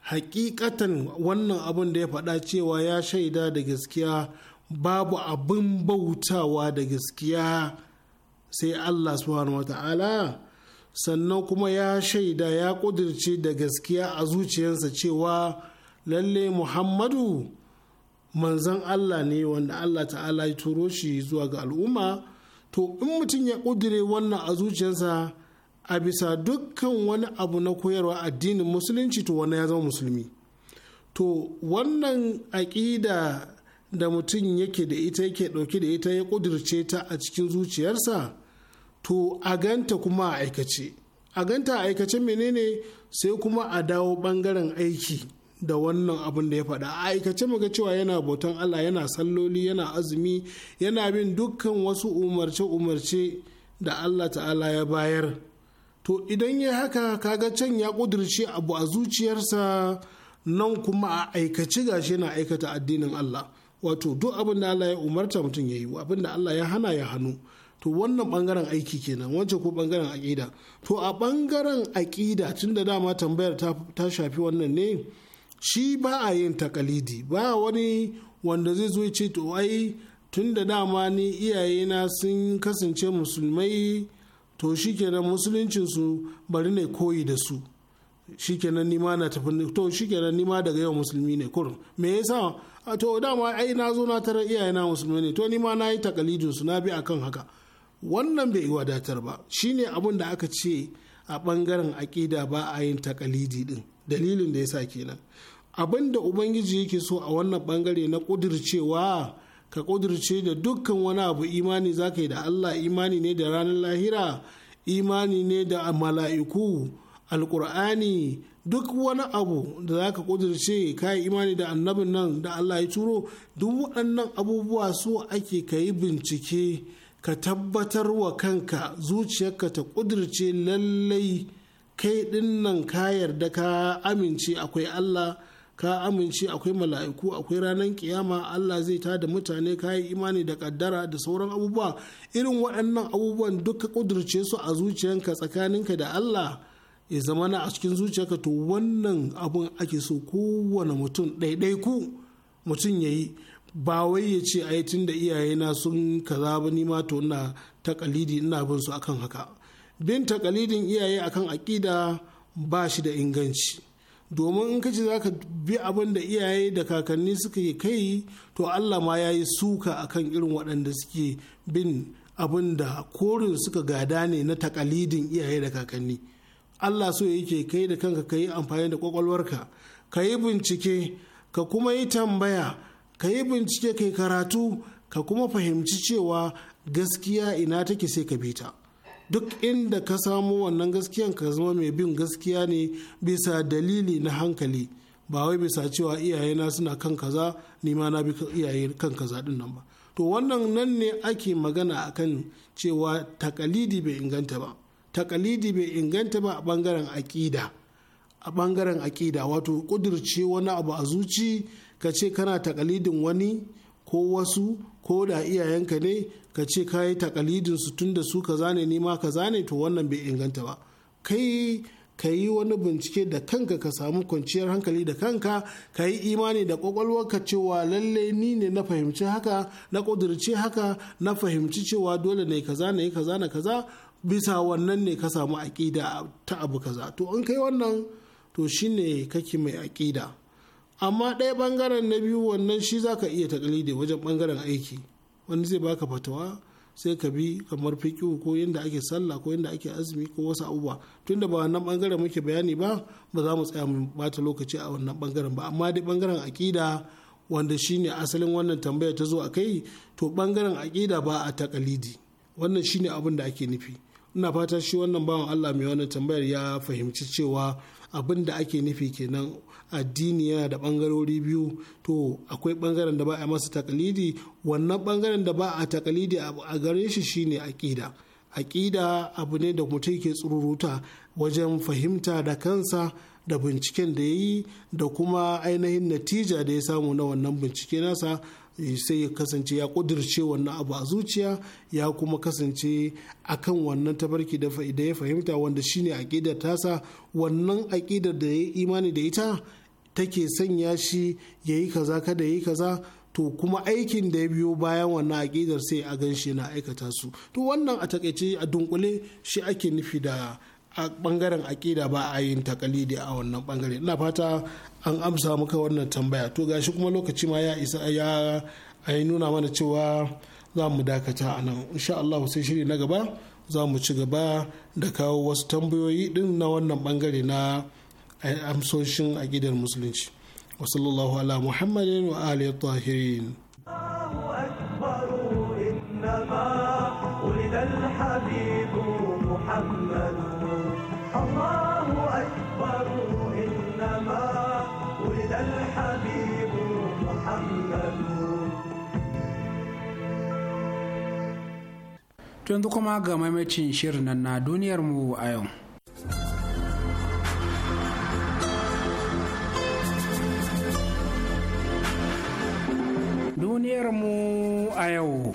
hakikatan wannan abin da ya faɗa cewa ya shaida da gaskiya babu abin bautawa da gaskiya sai Allah subhanahu wa ta'ala sannan kuma ya shaida ya kudirce da gaskiya a zuciyarsa cewa lalle muhammadu manzan allah ne wanda allah ta'ala ya turo shi zuwa ga al'umma to in mutum ya kudire wannan a zuciyarsa a bisa dukkan wani abu na koyarwa addinin musulunci to wannan ya zama musulmi to wannan aƙida da mutum yake da ita yake ɗauke da ita ya ƙudurce ta a cikin zuciyarsa to a ganta kuma a aikace a ganta a aikace menene sai kuma a dawo bangaren aiki da wannan abin da ya faɗa a aikace muga cewa yana bautan Allah yana salloli yana azumi yana bin dukkan wasu umarce-umarce da Allah ta'ala ya bayar to idan ya haka kaga can ya kudurce abu a zuciyarsa nan kuma a aikace gashi yana aikata addinin Allah wato duk abin da Allah ya umarta mutum ya yi abin da Allah ya hana ya hannu to wannan bangaren aiki kenan wancan ko bangaren aƙida to a bangaren aƙida tun da dama tambayar ta shafi wannan ne shi ba a yin takalidi ba wani wanda zai zo ce to ai tun da dama ni iyayena sun kasance musulmai to shikenan musuluncinsu bari ne koyi da su shikenan ni ma na tafi to shikenan ni ma daga yau musulmi ne kurum me yasa to dama ai na zo na tarar iyayena musulmai ne to ni ma na yi takalidinsu na bi akan haka wannan bai wadatar ba shine abin da aka ce a bangaren aƙida ba a yin takalidi din dalilin da ya sa kenan abin da ubangiji yake so a wannan bangare na kudurcewa ka kudurce da dukkan wani abu imani za ka yi da allah imani ne da ranar lahira imani ne da mala'iku alkur'ani duk wani abu da za ka kudurce ka yi imani da annabin nan da allah ya turo duk waɗannan abubuwa so ake ka yi bincike ka tabbatar wa kanka zuciyarka ta kudirce lallai kai ɗinnan ka yarda ka amince akwai Allah ka amince akwai mala'iku akwai ranar kiyama Allah zai ta da mutane ka yi imani da kaddara da sauran abubuwa irin waɗannan abubuwan duka ƙudurce su a zuciyarka tsakaninka da Allah ya zama na a cikin zuciyarka to wannan abun ake so kowane mutum ɗaiɗaiku mutum ya yi ba wai ya ce ai tun da iyayena sun kaza ba ni ma to ina takalidi ina bin su akan haka bin takalidin iyaye akan aƙida ba shi da inganci domin in kace zaka bi abin da iyaye da kakanni suka yi kai to Allah ma ya yi suka akan irin waɗanda suke bin abin da korin suka gada ne na takalidin iyaye da kakanni Allah so yake kai da kanka ka yi amfani da kwakwalwarka ka yi bincike ka kuma yi tambaya ka yi bincike ka yi karatu ka kuma fahimci cewa gaskiya ina take sai ka bi ta duk inda ka samu wannan gaskiyan ka zama mai bin gaskiya ne bisa dalili na hankali ba wai bisa cewa iyayena suna kan kaza ni ma na bi iyaye kan kaza din nan ba to wannan nan ne ake magana akan cewa takalidi bai inganta ba takalidi bai inganta ba a bangaren aƙida a bangaren aƙida wato kudirce wani abu a zuci ka ce kana takalidin wani ko wasu ko da iyayenka ne ka ce ka yi takalidin su tun da su ka zane ni ma ka zane to wannan bai inganta ba kai ka yi wani bincike da kanka ka samu kwanciyar hankali da kanka ka yi imani da kwakwalwarka cewa lallai ni ne na fahimci haka na ƙudurce haka na fahimci cewa dole ne kaza ne kaza na kaza bisa wannan ne ka samu aƙida ta abu kaza to in kai wannan to shine kake mai aƙida amma ɗaya bangaren na biyu wannan shi za ka iya takalidi wajen bangaren aiki wani zai baka fatawa sai ka bi kamar fiƙi ko yadda ake sallah ko yadda ake azumi ko wasu abubuwa tunda ba wannan bangaren muke bayani ba ba za mu tsaya mu bata lokaci a wannan bangaren ba amma dai bangaren aƙida wanda shine asalin wannan tambaya ta zo a kai to bangaren aƙida ba a takalidi wannan shine abin da ake nufi ina fata shi wannan bawan Allah mai wannan tambayar ya fahimci cewa abin da ake nufi kenan addini yana da bangarori biyu to akwai bangaren da ba a masa takalidi wannan bangaren da ba a takalidi a gare shi shine aƙida aƙida abu ne da mutum ke tsururuta wajen fahimta da kansa da binciken da ya yi da kuma ainihin natija da ya samu na wannan bincike nasa Eh, sai ya kasance ya kudirce wannan abu a zuciya ya kuma kasance a kan wannan tabarki da ya fahimta wanda shine aƙidar tasa wannan aƙidar da ya imani da ita take sanya shi ya yi kaza kada ya yi kaza to kuma aikin da ya biyo bayan wannan aƙidar sai a gan shi na aikata su to wannan a takaice a dunkule shi ake nufi da a bangaren aƙida ba a yin takalidi a wannan bangare ina fata an amsa muka wannan tambaya to gashi kuma lokaci ma ya isa ya nuna mana cewa za mu dakata a nan insha Allah sai shiri na gaba za mu ci gaba da kawo wasu tambayoyi din na wannan bangare na amsoshin aƙidar musulunci wa sallallahu ala muhammadin wa alihi tahirin yanzu kuma ga maimacin shirin nan na duniyarmu a yau. Duniyarmu a yau.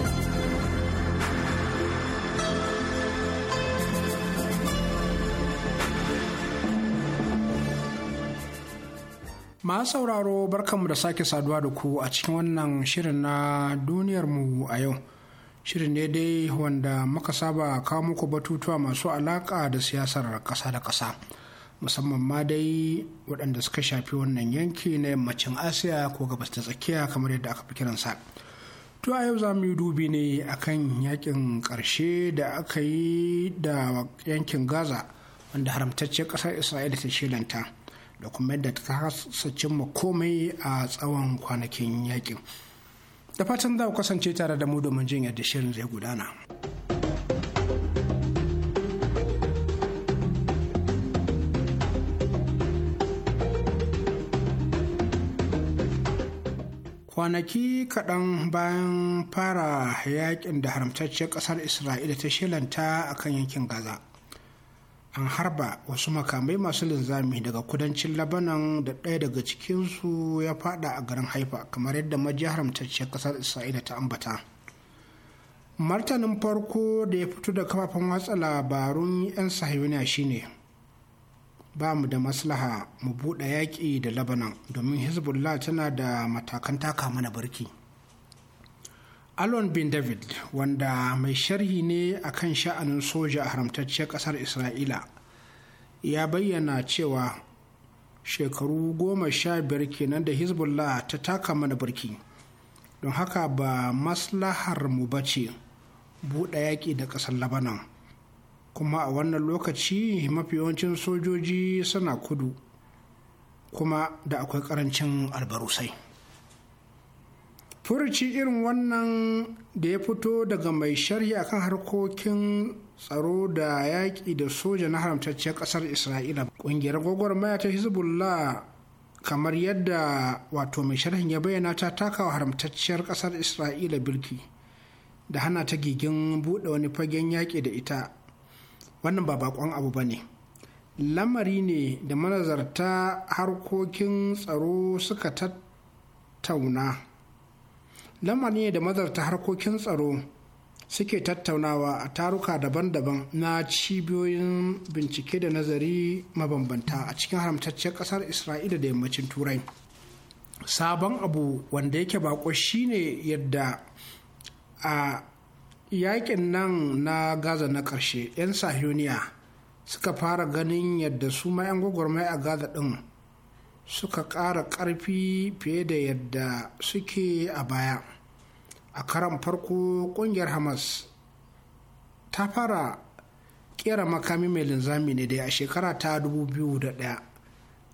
Masu sauraro barkanmu da sake saduwa da ku a cikin wannan shirin na duniyarmu a yau. shirin ne dai wanda muka saba kawo muku batutuwa masu alaƙa da siyasar ƙasa da ƙasa musamman ma dai waɗanda suka shafi wannan yanki na yammacin asiya ko gabas ta tsakiya kamar yadda aka fi kiransa to a yau za mu yi dubi ne akan yakin ƙarshe da aka yi da yankin gaza wanda haramtacciyar ƙasar isra'ila ta shilanta da kuma yadda ta kasa cimma komai a tsawon kwanakin yakin. da fatan za ku kasance tare da mu domin jin yadda shirin zai gudana. kwanaki kaɗan bayan fara yaƙin da haramtacciyar ƙasar isra'ila ta shilanta a kan yankin gaza an harba wasu makamai masu linzami daga kudancin labanan da ɗaya daga cikinsu ya fada a garin haifa kamar yadda maji ƙasar isra'ila ta ambata martanin farko da ya fito da kafafen watsa labarun 'yan sahiyoniya shine ba mu da maslaha mu buɗe yaƙi da labanan domin hezbollah tana da matakan taka mana barki. alon bin david wanda mai sharhi ne a kan sha'anin soja a haramtacciyar ƙasar isra'ila ya bayyana cewa shekaru goma sha biyar kenan da hezbollah ta taka mana birki don haka ba maslahar mu ba ce buɗe yaƙi da ƙasar labanan kuma a wannan lokaci mafi yawancin sojoji suna kudu kuma da akwai ƙarancin albarusai furci irin wannan da ya fito daga mai sharhi akan harkokin tsaro da yaƙi da soja na haramtacciyar ƙasar isra'ila ƙungiyar gwagwarmaya ta hezbollah kamar yadda wato mai sharhin ya bayyana ta takawa haramtacciyar ƙasar isra'ila bilki. da hana ta gigin buɗe wani fagen yaƙi da ita wannan ba bakon abu ba ne lamari ne da manazarta harkokin tsaro suka tattauna lamari ne da mazarta harkokin tsaro suke tattaunawa a taruka daban-daban na cibiyoyin bincike da nazari mabambanta a cikin haramtaccen kasar isra'ila da yammacin turai sabon abu wanda yake bako shine yadda a yakin nan na gaza na karshe 'yan sahiyoniya suka fara ganin yadda su ma 'yan gwagwarmai a gaza din suka ƙara ƙarfi fiye da yadda suke a baya a karan farko ƙungiyar hamas ta fara ƙera makami mai linzami ne dai a shekara ta 2001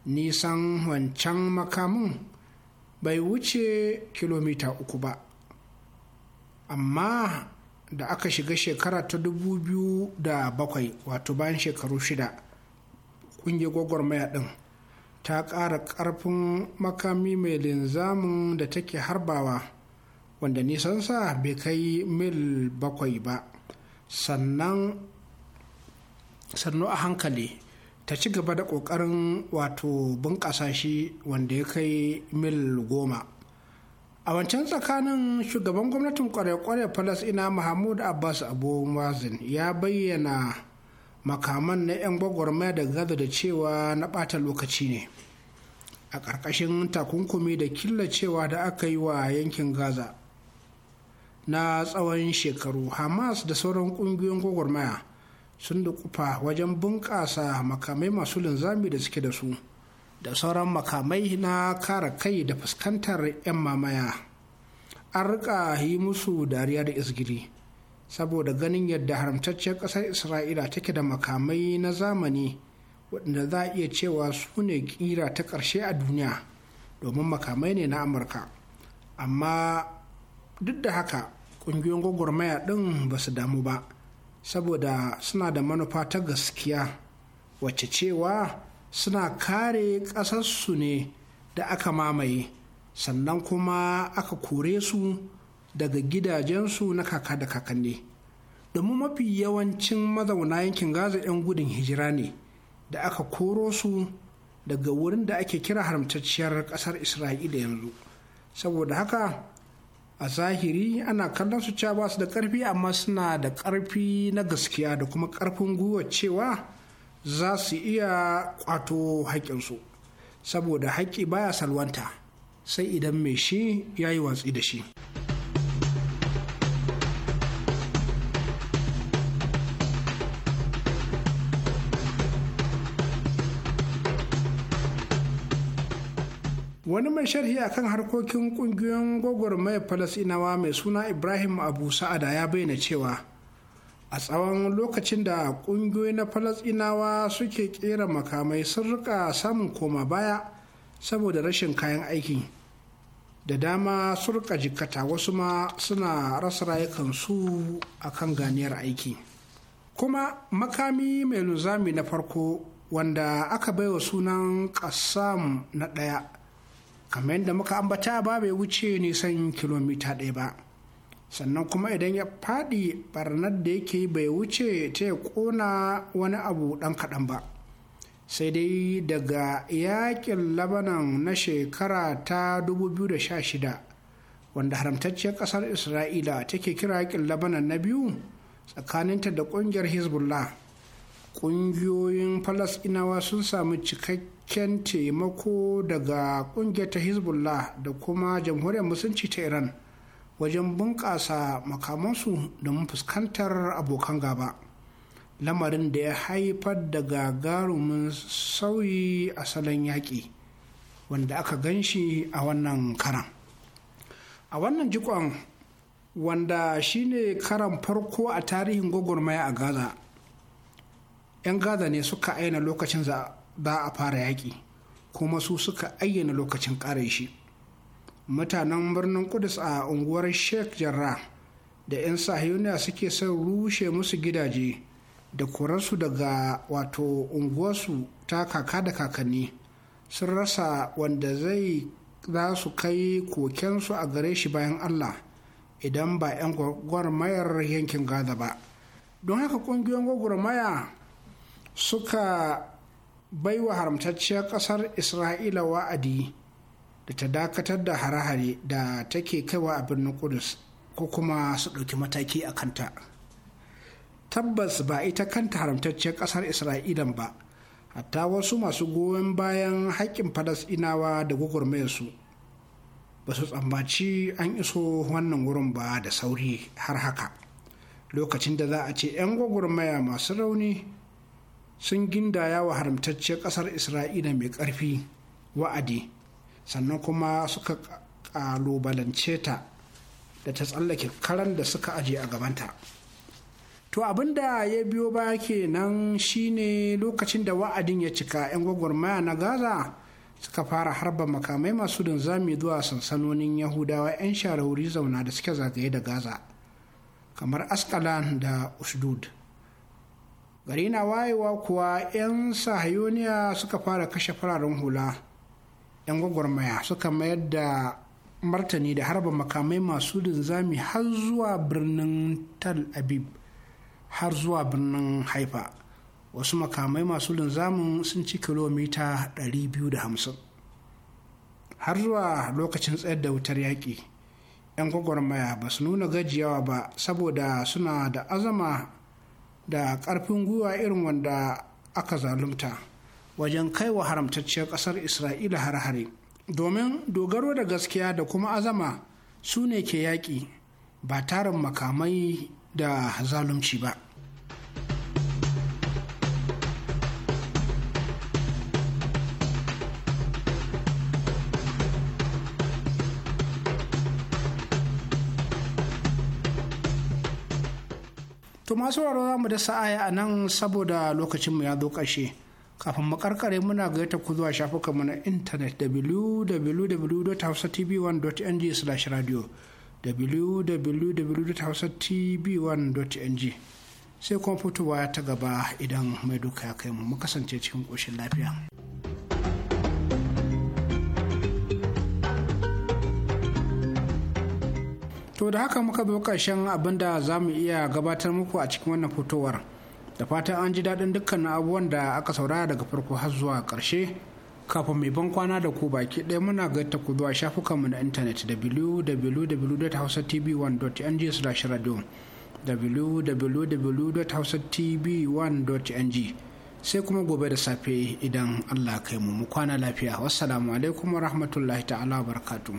nisan wancan makamin bai wuce kilomita uku ba amma da aka shiga shekara ta 2007 wato bayan shekaru shida ƙungiyar gwagwarmaya ɗin ta ƙara ƙarfin makami mai linzamin da take harbawa wanda sa bai kai mil bakwai ba sannan sannu a hankali ta ci gaba da ƙoƙarin wato bunƙasa shi wanda ya kai mil goma a wancan tsakanin shugaban gwamnatin kware falas ina mahmud abbas abu mazin ya bayyana makaman na 'yan gwagwarmaya da gaza da cewa na ɓata lokaci ne a ƙarƙashin takunkumi da killacewa da aka yi wa yankin gaza na tsawon shekaru hamas da sauran ƙungiyoyin gwagwarmaya sun dukufa wajen bunƙasa makamai masu linzami da suke da su da sauran makamai na kara kai da fuskantar 'yan mamaya an rika yi musu dariya da isgiri saboda ganin yadda haramtacciyar ƙasar isra'ila take da makamai na zamani waɗanda za a iya cewa su ne ƙira ta ƙarshe a duniya domin makamai ne na amurka amma duk da haka ƙungiyoyin gwagwarmaya ɗin ba su damu ba saboda suna da manufa ta gaskiya wacce cewa suna kare ƙasarsu ne da aka mamaye sannan kuma aka kore su daga gidajensu na kaka da kakanni domin mafi yawancin mazauna yankin gaza 'yan gudun hijira ne da aka koro su daga wurin da ake kira haramtacciyar kasar isra'ila yanzu saboda haka a zahiri ana kallon su cewa ba su da ƙarfi amma suna da ƙarfi na gaskiya da kuma ƙarfin gwiwa cewa za su iya kwato haƙƙinsu saboda haƙƙi baya salwanta sai idan mai shi ya yi watsi da shi. wani mai sharhi akan harkokin kungiyoyin mai falasinawa mai suna ibrahim abu sa'ada ya bayyana cewa a tsawon lokacin da kungiyoyi na falasinawa suke kera makamai sun rika samun koma baya saboda rashin kayan aiki da dama sun rika jikata wasu ma suna rasa rayukansu a kan ganiyar aiki kuma makami mai luzami na farko wanda aka baiwa sunan ƙasam na ɗaya kamar yadda muka ambata ba bai wuce nisan kilomita ɗaya ba sannan kuma idan ya faɗi ɓarnar da yake bai wuce ta ya ƙona wani abu ɗan kaɗan ba sai dai daga yakin labanan na shekara ta 2016 wanda haramtacciyar ƙasar isra'ila take kira yakin labanan na biyu tsakaninta da ƙungiyar hezbollah ƙungiyoyin falasɗinawa sun samu cikakken cikakken taimako daga ƙungiyar ta hezbollah da kuma jamhuriyar musulunci ta iran wajen bunƙasa makamansu da fuskantar abokan gaba lamarin da ya haifar da gagarumin sauyi a salon yaƙi wanda aka gan shi a wannan karan a wannan jikon wanda shine karan farko a tarihin gwagwarmaya a gaza 'yan gaza ne suka aina lokacin ba a fara yaƙi kuma su suka ayyana lokacin ƙare shi mutanen birnin kudus a unguwar sheikh Jarra da 'yan sahiyoniya suke son rushe musu gidaje da kurarsu daga wato unguwarsu ta kaka da kakanni sun rasa wanda zai za su kai kokensu a gare shi bayan allah idan ba 'yan gwagwarmayar yankin gaza ba don haka ƙungiyoyin gwagwarmaya suka bai wa haramtacciyar ƙasar isra'ila wa'adi da ta dakatar da hare-hare da take kaiwa a birnin kudus ko kuma su ɗauki mataki a kanta tabbas ba ita kanta haramtacciyar ƙasar isra'ilan ba hatta wasu masu goyon bayan haƙƙin falasɗinawa da gwagwarmayarsu ba su tsammaci an iso wannan wurin ba da sauri har haka lokacin da za a ce 'yan gwagwarmaya masu rauni sun gindaya wa haramtacciyar ƙasar isra'ila mai ƙarfi wa'adi sannan kuma suka ƙalubalance ta da ta tsallake karan da suka aje a gabanta to abin da ya biyo baya kenan shine lokacin da wa'adin ya cika 'yan gwagwarmaya na gaza suka fara harba makamai masu linzami zuwa sansanonin yahudawa 'yan sharauri zauna da suke zagaye da gaza kamar askalan da usdud gari na wayewa kuwa 'yan sahayoniya suka fara kashe fararen hula 'yan gwagwarmaya suka mayar da martani da harba makamai masu linzami har zuwa birnin tal abib har zuwa birnin haifa wasu makamai masu linzamin sun ci kilomita 250 har zuwa lokacin tsayar da wutar yaƙi 'yan gwagwarmaya ba su nuna gajiyawa ba saboda suna da azama da ƙarfin gwiwa irin wanda aka zalunta wajen kai wa haramtacciyar ƙasar isra'ila har-hare domin dogaro da gaskiya da kuma azama su ne ke yaƙi ba tarin makamai da zalunci ba. To masu sauraro za mu da sa'aya a nan saboda lokacinmu ya zo ƙarshe. Kafin mu karkare muna gaita ku zuwa shafukan mu na intanet www.hausatv1.ng/radio www.hausatv1.ng sai kuma fitowa ta gaba idan mai duka ya kai mu mu kasance cikin ƙoshin lafiya. to da haka muka bi ƙarshen abin da za mu iya gabatar muku a cikin wannan fitowar da fatan an ji daɗin dukkan abubuwan da aka saurara daga farko har zuwa ƙarshe kafin mai ban kwana da ku baki ɗaya muna gaita ku zuwa shafukanmu na intanet www.hausatv1.ng/radio www.hausatv1.ng sai kuma gobe da safe idan allah kai mu mu kwana lafiya wassalamu alaikum wa rahmatullahi ta'ala wa barakatuhu